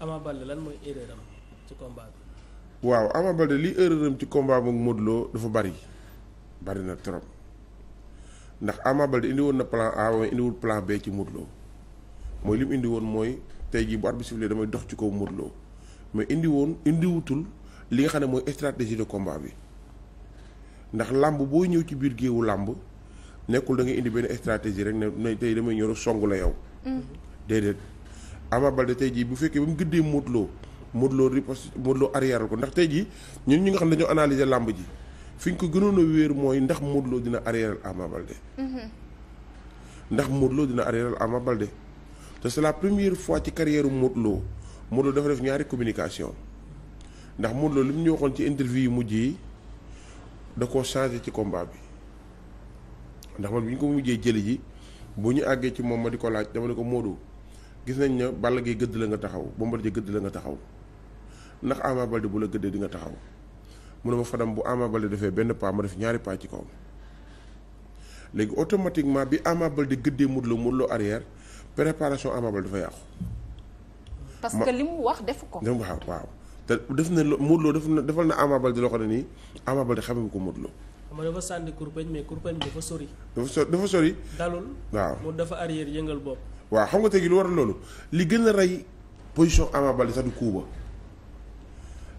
Ama Baldé lan mooy erreur waaw Ama Baldé li erreur ci combat bi ak Modou dafa bari bari na trop ndax Ama Baldé indi woon na plan A waaye indiwul plan B ci Modou Lo mooy li indi woon mooy tey jii bu arbitre sifflé damay dox ci kaw Modou Lo mais indi woon indiwutul li nga xam ne mooy stratégie de combat bi ndax làmb boo ñëw ci biir géewu làmb nekkul dangay indi benn stratégie rek ne tey damay ñëw song la yow. Mm-hmm. Ama Baldé tey jii bu fekkee ba mu gëddee Modou Lo Modou Lo riposte Modou Lo ko ndax tey jii ñun ñi nga xam ne dañoo analyser làmb ji fi ñu ko gënoon a wéer mooy ndax Modou dina arrière Ama Baldé mhm. ndax Modou dina arrière Ama Baldé te c'est la première fois ci carrière Modou Lo Modou Lo dafa def ñaari communication ndax Modou Lo li mu ñu waxoon ci interview yi mujj yi da ko changé ci combat bi ndax man bi ñu ko mujjee jëli ji bu ñu àggee ci moom ma di ko laaj dama ko Modou gis nañ ne Balla Gaye gëdd la nga taxaw Bombardier gëdd la nga taxaw ndax Ama Baldé bu la gëddee di nga taxaw mu ne ma Fadam bu Ama Baldé defee benn pas ma def ñaari pas ci kawam léegi automatiquement bi Ama Baldé gëddee Modou Lô Modou arrière préparation Ama Baldé dafa yàqu. parce que li mu wax defu ko. waaw waaw te def na Modou Lô def na defal na Ama di loo ne nii Ama Baldé xamee ko Modou Lô. xam nga dafa sànni kurpeñ mais kurpeñ bi dafa sori. dafa sori dafa sori. dalul waaw mu dafa arrière yëngal bopp. waa xam nga tey lu war loolu li gën a rey position Ama Baldé sax du kuuba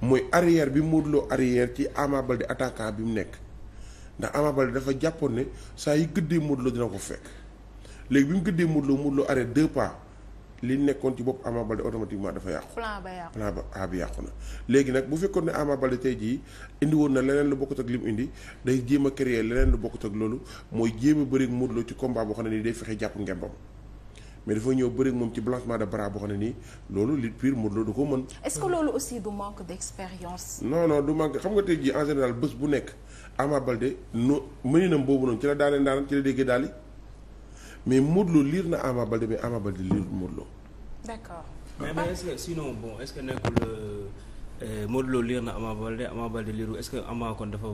mooy arrière bi Modou Lo arrière ci Ama Baldé attaquant bi mu nekk ndax Ama Baldé dafa jàppoon ne saa yi gëddee Modou Lo dina ko fekk léegi bi mu gëddee Modou Lo Modou li nekkoon ci bopp Ama Baldé automatiquement dafa yàqu. plan ba yàqu plan ba bi yàqu na. bu fekkoon ne Ama Baldé tey jii indi woon na leneen lu bokkut ak li indi day jéem a créer leneen lu bokkut ak loolu mooy jéem a bëri Modou Lo ci combat ne nii day fexe jàpp mais dafa ñëw bërik moom ci blanchiment de bras boo xam ne nii loolu lutte pure Modou Lô du ko mën. est-ce que loolu aussi du manque d'expérience. non non du manque xam nga tey jii en général bés bu nekk Ama Baldé no mëninam boobu noonu ci la daanee ndaanam ci la déggee daal mais Modou Lô liir na Ama Baldé mais Ama Baldé liir sinon bon est-ce que nekkul euh, euh, Modou Lô na Ama Baldé Ama Baldé liiru est-ce que Ama kon dafa.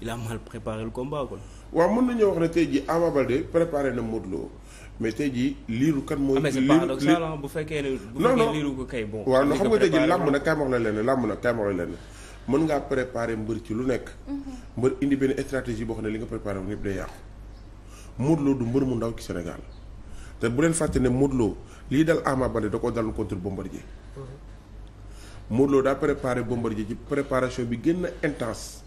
il a mal préparé le combat wax ne tey jii Ama Baldé préparé na Modou mais tey jii liiru kan mooy. Ah, liiru mais bu fekkee ne. bu fekkee liiru ko kay bon. waaw non xam nga tey jii làmb na kaay lenn làmb na kaay lenn mën ngaa préparé mbër ci lu nekk. mbër indi benn stratégie boo xam ne li nga préparé woon yëpp day yàqu. Modou du mbër mu ndaw ci Sénégal te bu leen fàtte ne Modou Lo lii dal Ama Baldé da ko daloon contre Bombardier. Mhm. Modou Lo daa préparé Bombardier ci préparation bi gën a intense.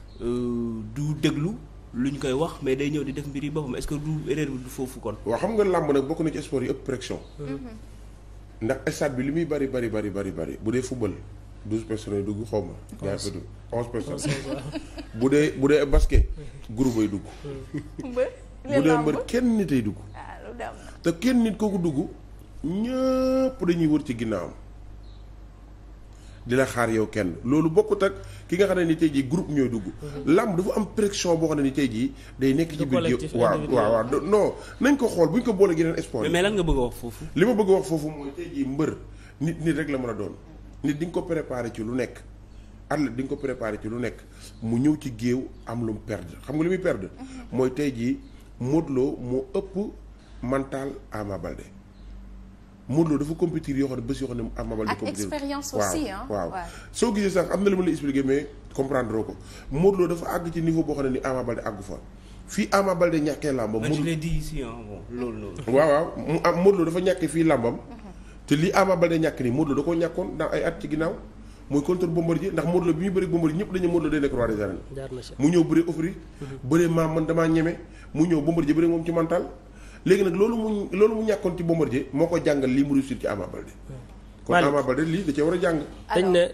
Euh, du déglu lu ñu koy wax mais day ñëw di def mbir yi boppam est-ce que du erreur bi foofu kon. waa xam nga làmb nag bokk na ci sport yi ëpp pression. Mm-hmm. ndax stade bi li muy bari bari bari bari bari bu dee football douze personnes yi dugg xaw ma. onze ñaar onze personnes. bu dee bu dee basket. Mm-hmm. groupe ay dugg. Mm-hmm. bu dee mbër kenn nit ay dugg. Ah, te kenn nit kooku dugg ñëpp dañuy wër ci ginnaawam. di la xaar yow kenn loolu bokk ak ki nga xam ne ni tey jii groupe ñooy dugg. Mm-hmm. làmb dafa am pression boo xam ne ni tey jii day nekk ci biir waaw waaw waaw non nañ ko xool buñ ko boolee yeneen sport mais lan nga bëgg a wax foofu. li ma bëgg a wax foofu mooy tey jii mbër nit nit rek la mën a doon nit di nga ko préparé ci lu nekk. athlète di nga ko préparé ci lu nekk mu ñëw ci géew am lu mu perdre xam nga li muy perd mm-hmm. mooy tey jii Modou Lo moo ëpp mental Ama Modou dafa compétir yoo xam ne bés yoo xam ne Ama Baldé ak expérience aussi ah waaw soo gisee sax am na li ma la expliquer mais comprendre ko Modou dafa àgg ci niveau boo xam ne ni Ama Baldé àggu fa fii Ama Baldé ñàkkee làmbam Modou Lo dit ici bon loolu waaw waaw mu am ah, Modou Lo dafa ñàkkee fii mhm. lii Ama Baldé ñàkk nii Modou Lo da koo ñàkkoon dans ay at ci ginnaaw mooy contre Bombardier ndax Modou Lo bi muy bëri Bombardier ñëpp dañu Modou Lo day nekk roi des arènes mu ñëw bëri offrir mhm. bëree maam man damaa ñeme mu ñëw Bombardier bëri moom ci mental léegi nag loolu mu loolu mu ñàkkoon ci Bombardier moo ko jàngal lii mu réussir ci Ama Baldé kon Ama Baldé lii da cee war a jàngal